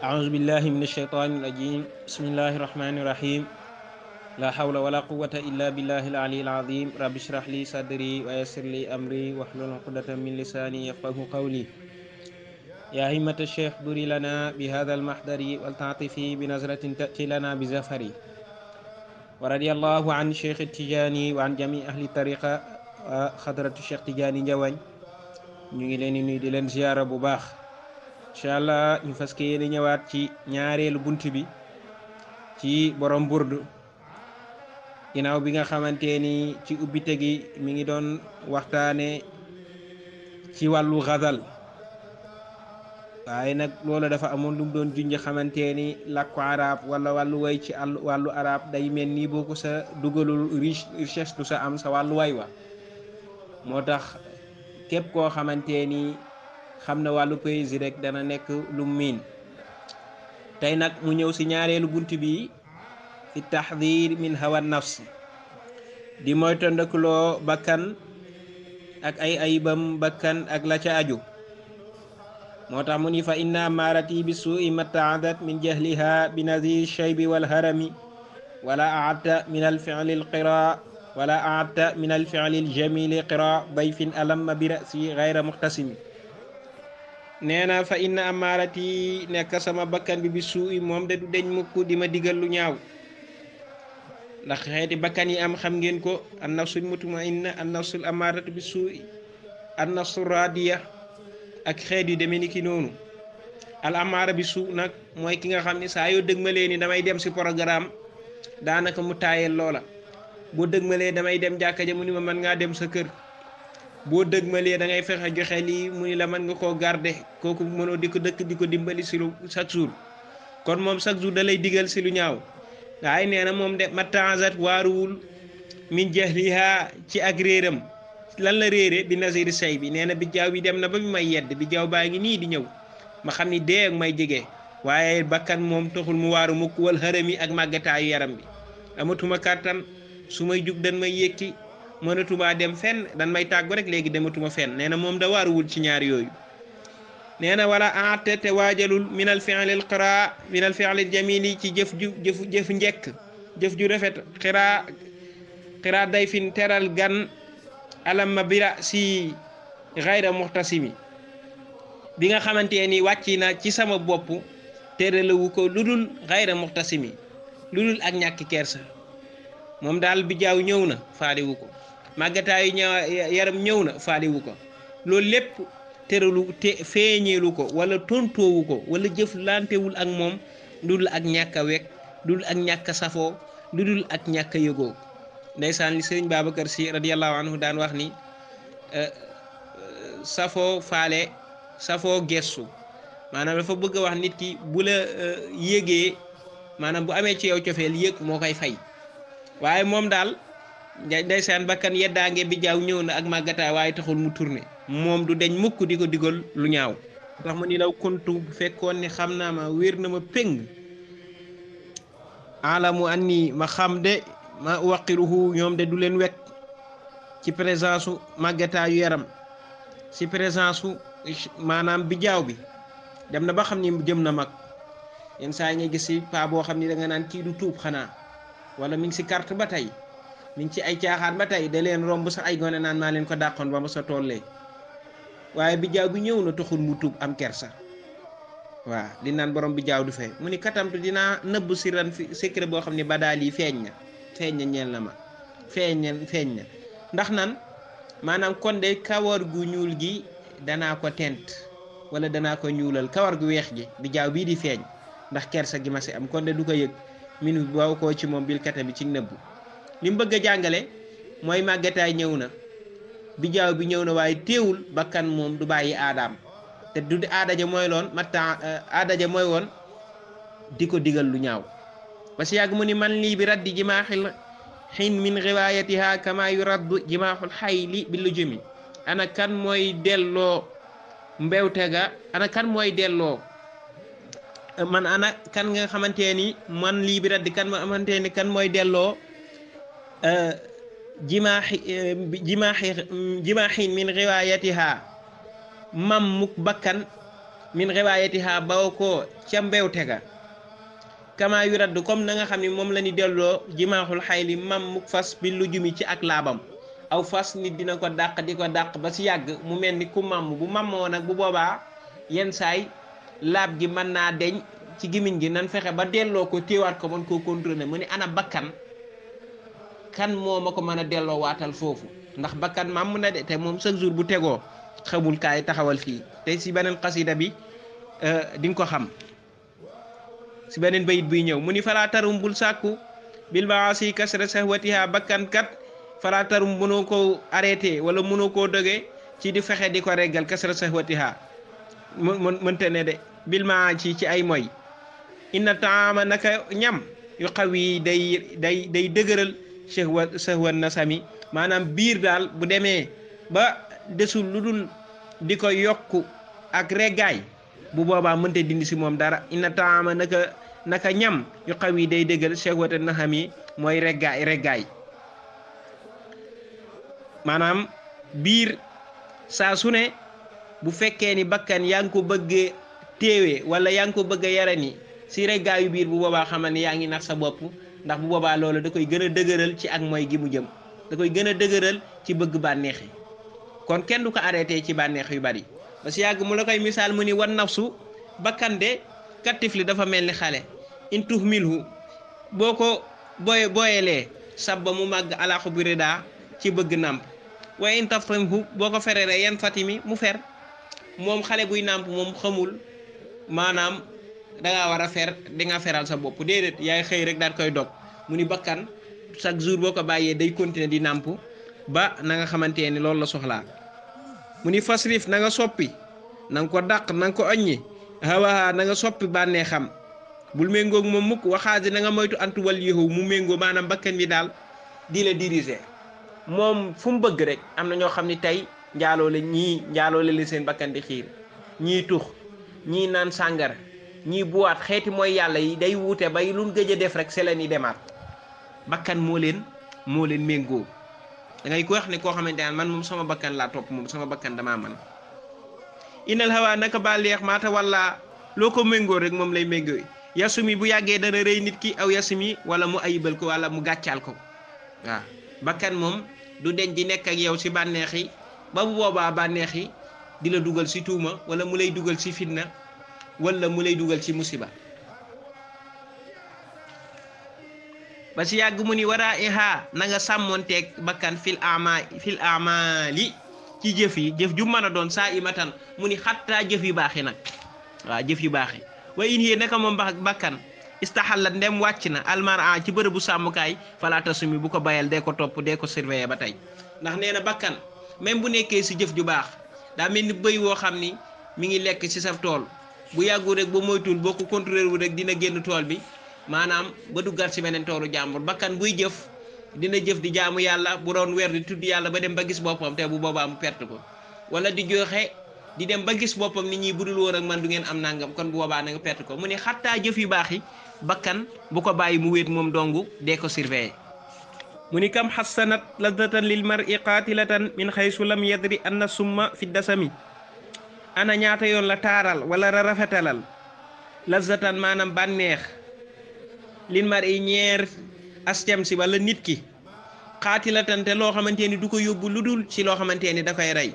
أعوذ بالله من الشيطان الرجيم بسم الله الرحمن الرحيم لا حول ولا قوة إلا بالله العلي العظيم رب اشرح لي صدري ويسر لي أمري واحلل عقدة من لساني يفقه قولي يا همة الشيخ بري لنا بهذا المحضر والتعطفي بنظرة تأتي لنا بزفري ورضي الله عن الشيخ التجاني وعن جميع أهل الطريقة خضرة الشيخ تجاني جوان ñu ngi leen di nuyu di leen ziyaara bu baax incha allah ñu fas yéene ñëwaat ci ñaareelu bunt bi ci borom burdu ginnaaw bi nga xamante ni ci ubbite gi mi ngi doon waxtaane ci wàllu xazal waaye nag loolu dafa amoon lu mu doon junj xamante ni làkku arab wala wàllu way ci àll wàllu arab day mel nii boo ko sa dugalul riche sa am sa wàllu way wa moo tax képp koo xamante xam na wàllu poésie rek dana nekk lu miin nag mu ñëw si ñaareelu bunt bi fi taxdir min hawa nafs di moytandikuloo bakkan ak ay ayibam bakkan ak la moo tax mu ni fa inna maarati bi suui mataadat min jahliha bi nazir shaybi wal harami wala aata min al fiili al qira wala aata min al fiili al gayra muxtasimi nee na fa inna amaarati nekk sama bakkan bi bi suuy moom de du deñ mukk di ma digal ñaaw ndax xeeti bakkan yi am xam ngeen ko an nafsul mutmainna an nafsul amaaratu bi suuy an nafsu ak xeet yu demee ni ki noonu al amaara bi suu nag mooy ki nga xam ni saa yoo dëgmalee ni damay dem si programme daanaka mu taayel loola boo dëgmalee damay dem jàkka ja mu ni ma mën ngaa dem sa kër boo dëgmalee da ngay fexe joxe lii mu ni la mën nga koo garder kooku mënoo di ko dëkk di ko dimbali si lu chaque jour kon moom chaque jour dalay digal si lu ñaaw waaye nee na moom de ma tanzat waaruwul min jahliha ci ak réeram lan la réere bi nasiri say bi nee na bi jaaw bi dem na ba bi may yedd bi jaaw baa ngi nii di ñëw ma xam ni dee may jege waaye bakkan moom taxul mu waaru mukk wal xërëm yi ak màggataayu yaram bi amatuma kàttan su may jug dan may yëkki mënatumaa dem fenn dan may tàggu rek léegi dematuma fenn nee na moom da waaruwul ci ñaar yooyu nee na wala aate te waajalul min al fi'l al qira min al fi'l al ci jëf ju jëf jëf njekk jëf ju rafet xiraa day fin teral gan alam ma bira si xayra bi nga xamante ni wàcc na ci sama bopp lawu ko lu dul xayra muxtasimi lu dul ak ñàkki kersa moom daal bi ñëw na faaliwu ko màggataayu ña yaram ñëw na faalewu ko loolu lépp tëralu te feeñeelu ko wala tontoowu ko wala jëflantewul ak moom dul ak ñàkk a wekk dul ak ñàkk a safoo lu dul ak ñàkk a yëgoo ndeysaan li sëriñ Babacar si radiyallahu anhu daan wax ni euh, safoo faale safoo gestu maanaam dafa bëgg wax nit ki bu la euh, yëgee maanaam bu amee ci yow cofeel yëg moo koy fay waaye moom daal. nday ndeysaan bakkan yeddaange bi jaaw ñëw na ak màggataa waaye taxul mu tourné moom du deñ mukk di ko digal lu ñaaw tax mu ni law kuntu bu fekkoon ni xam naa ma wér na ma péng alamu an nii ma xam de ma waqiruhu ñoom de du leen wekk ci présence su màggataa yu yaram ci présence su maanaam bi jaaw bi dem na ba xam ni jëm na mag yenn saa yi gis si paa boo xam ni da nga naan kii du tuub xanaa wala mi ngi si carte ba tey mi ci ay caaxaan ba tey da leen romb sa ay gone naan maa leen ko dàqoon ba ma sa tollee waaye bijaaw bi ñëw na taxul mu tuub am kersa waaw di naan borom bijaaw du fay mu ni katamtu dinaa nëbb si ran fi boo xam ne ba daal yi feeñ na feeñ na ñeel na ma feeñ na feeñ na ndax nan maanaam kon de kawar gu ñuul gi danaa ko tent wala danaa ko ñuulal kawar gu weex gi bijaaw bii di feeñ ndax kersa gi ma si am kon de du ko yëg mu bi boo koo ci moom biir kata bi ci nëbbu li mu bëgg a jàngale mooy màggetaay ñëw na bijaaw bi ñëw na waaye téewul bakkan moom du bàyyi aadaam te du aadaja mooy loon matta euh, aadaja mooy woon di ko digal lu ñaaw ba si yàgg mu ni man lii bi raddi jimaaxil xin min riwaayatiha kama yu raddu jimaaxul xayli bi lu jumi ana kan mooy delloo mbewte ga ana kan mooy delloo man ana kan nga xamante ni man lii bi raddi kan nga xamante ni kan mooy delloo jimaaxi jimaaxi jimaaxin min riwaayatiha mammuk bakkan min riwaayatiha bawo ko ca mbewte ga kama yu radd comme na nga xam ne moom la delloo jimaaxul xayli mammuk fas bi lu jumi ci ak laabam aw fas nit dina ko dàq di ko dàq ba ci yàgg mu mel ni ku mamm bu mammoo nag bu boobaa yenn saay laab gi mën naa deñ ci gimiñ gi nan fexe ba delloo ko téewaat ko man koo contrôler mu ne ana bakkan kan moo a ko mën a delloo waatal foofu ndax bakkan màmm na de te moom chaque jour bu tegoo xamul kaay taxawal fii te si beneen xasida bi euh, di nga ko xam si beneen bayit buy ñëw mu ni falaa tarum bul sàkku bil maasi kasra sahwatiha bakkan kat falaa tarum mënoo wala mënoo koo doge ci di fexe di ko reggal kasra sahwatiha mu mënte ne de bil maasi ci ay moy inna taama naka ñam yu xaw day day day sehwa sehwa nasami maanaam biir daal bu demee ba desul lu dul di ko yokk ak reggaay bu boobaa mënta dindi si moom dara inna taama naka naka ñam yu xaw yi day dëggal sehwata yi mooy reggaay reggaay maanaam biir saa su ne bu fekkee ni bakkan yaa ngi ko bëggee téewe wala yaa ngi ko bëgg a yara ni si reggaayu biir bu boobaa xamal ni yaa ngi nax sa bopp ndax bu boobaa loolu da koy gën a dëgëral ci ak mooy gi mu jëm da koy gën a dëgëral ci bëgg bànneex yi kon kenn du ko arrêté ci bànneex yu bari ba si yàgg mu la koy misaal mu ni wan nafsu bakkan de kattif dafa mel ni xale in tuhmilhu boo ko boye booyelee sab ba mu màgg alaaxu bi ridaa ci bëgg nàmp waaye in taftimhu boo ko feree yan fatimi mu fer moom xale buy nàmp moom xamul maanaam dangaa war a fer di nga feral sa bopp déedéet yaay xëy rek daal koy dog mu ni bakkan chaque jour boo ko bàyyee day continuer di nàmp ba na nga xamante ni loolu la soxlaa mu ni fasrif na nga soppi na nga ko dàq na nga ko oññi hawaha na nga soppi bànnee xam bul méngoog moom mukk waxaasi na nga moytu ant wal yoxu mu méngoo maanaam bakkan bi daal di la moom fu mu bëgg rek am na ñoo xam ni tey njaaloo la ñii njaaloo la seen bakkan di xiir ñii tux ñii naan sàngara ñiy buwaat xeeti mooy yàlla yi day wuute ba lu gëj a def rek se leen demaat bakkan moo leen moo leen méngoo da ngay ko wax ne koo xamante ne man moom sama bakkan laa topp moom sama bakkan damaa man inal hawa naka ba leex maata wala loo ko méngoo rek moom lay méngoo yasumi bu yàggee dana rëy nit ki aw yasumi wala mu ayibal ko wala mu gàccaal ko waaw bakkan moom du deñ di nekk ak yow si bànneex yi ba bu boobaa bànneex yi di dugal si tuuma wala mu lay dugal si fitna wala mu lay dugal ci musiba ba si yàgg mu ni wara iha na nga sàmmonteeg bakkan fil ama fil ci jëf yi jëf ju mën a doon saa imatan mu ni xattaa jëf yu baax yi nag waa jëf yu baax yi wa in yee naka moom bakkan istaxalla ndem wàcc na almara ci bërëbu sàmmukaay falaata sumi bu ko bayal de ko topp dee ko surveiller ba tey ndax nee na bakkan même bu nekkee si jëf ju baax daa mel ni bëy woo xam ni mu ngi lekk ci saf tool bu yàggul rek ba moytul boo ko contrôler wu rek dina génn tool bi maanaam ba duggaat si beneen toolu jàmbur bakkan buy jëf dina jëf di jaamu yàlla bu doon weer di tudd yàlla ba dem ba gis boppam te bu boobaa mu perte ko wala di joxe di dem ba gis boppam ni nit bu dul woon ak man du ngeen am nangam kon bu boobaa na nga ko mu ne xattaa jëf yu baax bakkan bu ko bàyyi mu wéet moom dong dee ko surveiller mu ni kam xassanat laddatan lil mar'i qatilatan min xaysu lam yadri anna summa fi dasami ana ñaata yoon la taaral wala ra la lazatan maanaam bànneex lin mar i ñeer astem si wala nit ki xaatilatan te loo xamante ni du ko yóbbu lu dul ci loo xamante ni da rey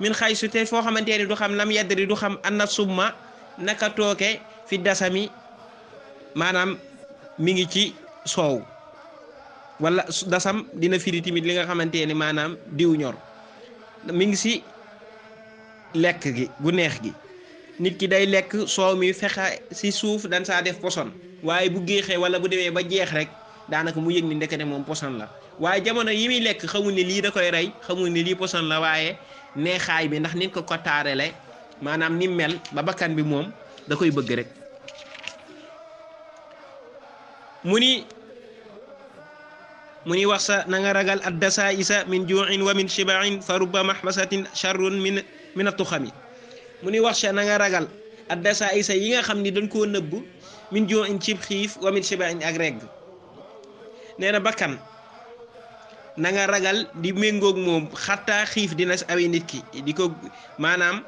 min xay foo xamante ni du xam lam yeddari du xam anna summa naka tooke fi dasami maanaam mi ngi ci soow wala dasam dina firi tamit li nga xamante ni maanaam diw mi ngi si lekk gi gu neex gi nit ki day lekk soow mi fexe si suuf dan saa def poson waaye bu géexee wala bu demee ba jeex rek daanaka mu yëg ni ndekete moom poson la waaye jamono yi muy lekk xamul ne lii da koy rey xamu ni lii poson la waaye neexaay bi ndax nit ko ko taarale maanaam ni mel ba bakkan bi moom da koy bëgg rek mu ni mu ni wax sa na nga ragal ad isa min juuin wa min shibain fa rubba mahbasatin charrun min minatu xam yi mu ni wax na nga ragal addasa isa yi nga xam ni dañ koo nëbb min joo in cib xiif wa min siba in ak regg nee na bakkan na nga ragal di méngoog moom xattaa xiif dina si awi nit ki di ko maanaam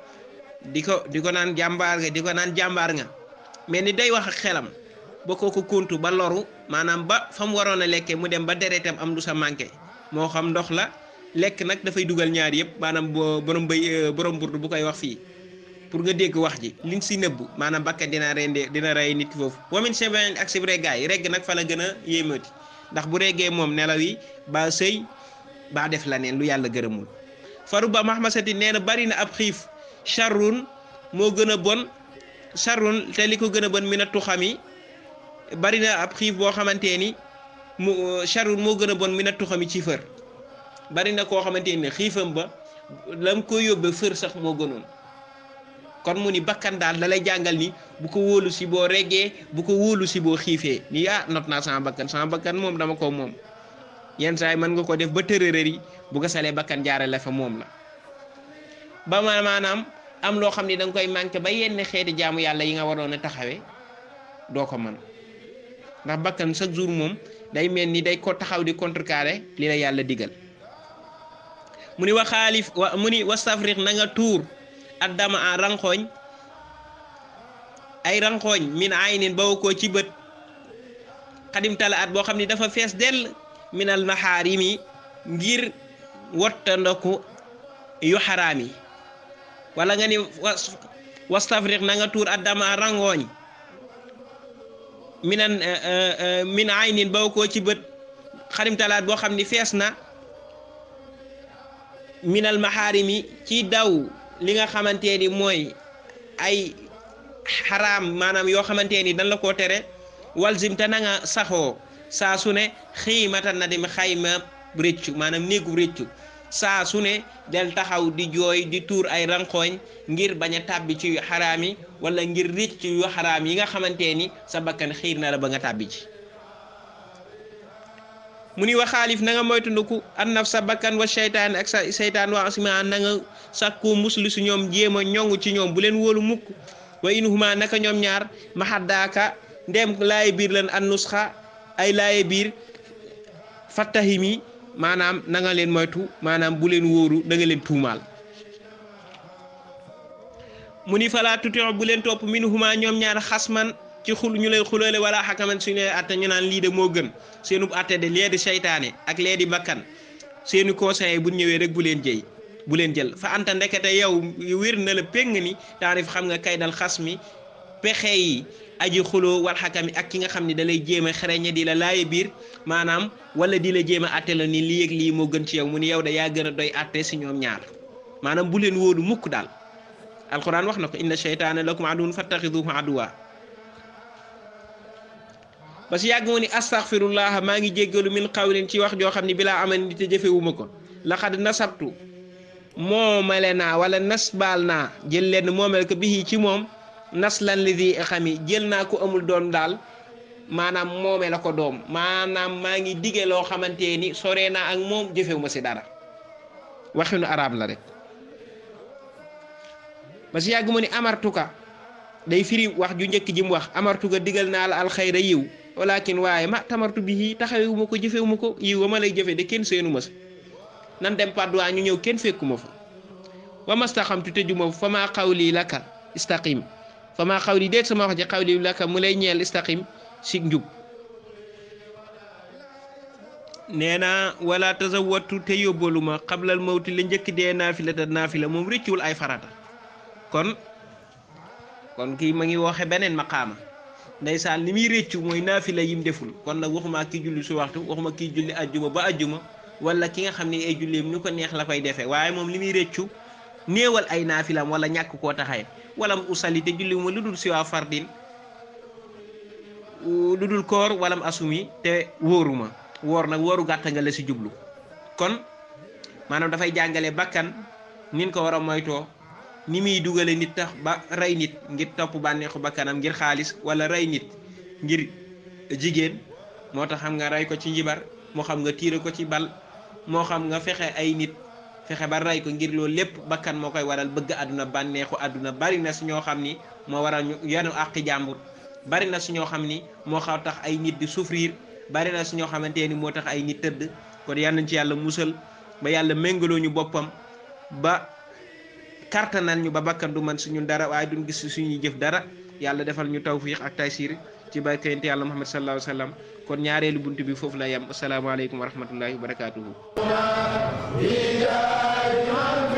di ko di ko naan jàmbaar nga di ko naan jàmbaar nga mais ni day wax ak xelam ba ko kontu ba loru maanaam ba fa waroon a lekkee mu dem ba deretam am du sa manqué moo xam ndox la lekk nag dafay dugal ñaar yëpp maanaam borom bay euh, borom burdu bu koy wax fii pour nga dégg wax ji liñ si nëbbu maanaam bakkan dina rendee dina rey nit ki foofu wamin sebain ak sib reggaay regg nag fa la gën a yéeméti ndax bu reggee moom nelaw yi ba sëy ba def la neen lu yàlla gërëmul faru ba mahmasati nee na bari na ab xiif charrun moo gën a bon charrun te li ko gën a bon mi na tuxami bari na ab xiif boo xamantee ni mu charrun euh, moo gën a bon mi na tuxami ci fër bari na koo xamante ne xiifam ba lam ko yóbbee fër sax moo gënoon kon mu ni bakkan daal da lay jàngal ni bu ko wóolu si boo reggee bu ko wóolu si boo xiifee ni ah not naa sama bakkan sama moom dama ko moom yenn saa yi mën nga ko def ba tërërëri bu ko salee bakkan jaare la fa moom la ba maanaam am loo xam ne da koy manqué ba yenn xeeti jaamu yàlla yi nga waroon taxawee doo ko mën ndax bakkan chaque jour moom day mel ni day ko taxaw di contrecarrer li la yàlla digal mu ni wa mu ni wastafrix na nga tuur addama a ranxooñ ay ranxooñ min aynin baw koo ci bët xadim tala boo xam ni dafa fees dell minal maxaarimi ngir wotta ndoku yu xaraam yi wala nga ni wastafrix na nga tuur addama a rangooñ minan eh, eh, eh, min aynin baw koo ci bët xadim talaat boo xam ni fees na minal mi ci daw li nga xamante ni mooy ay xaraam maanaam yoo xamante ni dan la ko tere walzim te saxoo saa su ne xiimatan na dem xayma rëccu maanaam néegu rëccu saa su ne del taxaw di jooy di tuur ay ranqooñ ngir bañ a tàbbi ci xaraam yi walla ngir rëcc yu xaraam yi nga xamante ni sa bakkan xiir na la ba nga tàbbi ci mu ni waxaalif nanga nga moytandiku an naf sa bakkan wa seytaan ak sa seytaan waa asima na nga sàkku muslu si ñoom jéem a ñongu ci ñoom bu leen wóolu mukk wa in huma naka ñoom ñaar maxaddaaka ndem laaye biir lan an nusxa ay laaye biir mi maanaam nanga leen moytu maanaam bu leen wóoru da leen tuumaal mu ni falaa tutio bu leen topp min huma ñoom ñaar xasman ci xul ñu lay xuloole wala xakaman suñu lay atte ñu naan lii de moo gën seenub atte de lee di seytaane ak lee di bakkan seeni conseil bu ñëwee rek bu leen jëy bu leen jël fa anta ndekete yu wér na la péng ni taarif xam nga kaydal xas mi pexe yi aji xuloo wal xakami ak ki nga xam ne dalay jéem a xereñe di la laaye biir maanaam wala di la jéem a atte la ni lii ak lii moo gën ci yow mu ni yow da yaa gën a doy atte si ñoom ñaar maanaam bu leen wóolu mukk daal alquran wax na ko inna cheytaana lakum aduwwun fattaxiduhu aduwwa ba si yàgg moo ni maa ngi jéggalu min xawlin ci wax joo xam ne bilaa amal ni te jëfewuma ko laxad nasabtu moomale naa wala nasbaal naa jël leen moomale ci moom nas lan li naa ko amul doom daal maanaam moome la ko maa ngi dige loo xamante ni sore naa ak moom jëfewuma si dara waxinu arab la rek ba yàgg mu amartuka day firi wax ju njëkk ji mu wax amartuka digal naa la alxayra yiw walakin waaye ma tamartu bi bihi taxawewuma ko jëfewuma ko yiw wa ma lay jëfe de kenn seenu ma sa nan dem padduwaa ñu ñëw kenn fekkuma fa wa mastaxamtu tëjuma fa maa xawli lakka istaqim fa maa xawli déet sama wax ji xawli laka mu lay ñeel istaqim si njub nee naa wala tazawwatu te yóbbalu ma xablal mawti la njëkk dee naafila te naafila moom rëccuwul ay farata kon kon kii ma ngi waxe beneen maqaama saan li muy réccu mooy naafila yim deful kon nag waxuma ki julli su waxtu waxuma kii julli ajjuma ba ajjuma wala ki nga xam ne ay julleem ñu ko neex la koy defee waaye moom li muy réccu néewal ay naafilam wala ñàkk koo taxaye wala mu usali te julliwuma lu dul siwaa fardin lu dul koor wala mu asumi te wóoruma woor nag wooru gàtta nga la si jublu kon maanaam dafay jàngale bakkan nin ko war a moytoo ni muy dugale nit tax ba rey nit ngir topp bànneexu bakkanam ngir xaalis wala rey nit ngir jigéen moo tax xam nga rey ko ci njibar moo xam nga tiire ko ci bal moo xam nga fexe ay nit fexe ba rey ko ngir loolu lépp bakkan moo koy waral bëgg àdduna bànneexu àdduna bari na si ñoo xam ni moo waral ñu yanu àqi jàmbur bari na si ñoo xam ni moo xaw tax ay nit di souffrir bari na si ñoo xamante ni moo tax ay nit tëdd kon yal ci yàlla musal ba yàlla méngaloo ñu boppam ba kartanal ñu ba bakkan du man suñu dara waaye du gis suñuy jëf dara yàlla defal ñu tawfiq ak taysiir ci barke yonent yàlla Muhammad sallallahu alayhi wa kon ñaareelu bunt bi foofu la yem asalaamaaleykum wa rahmatullahi wa barakaatuhu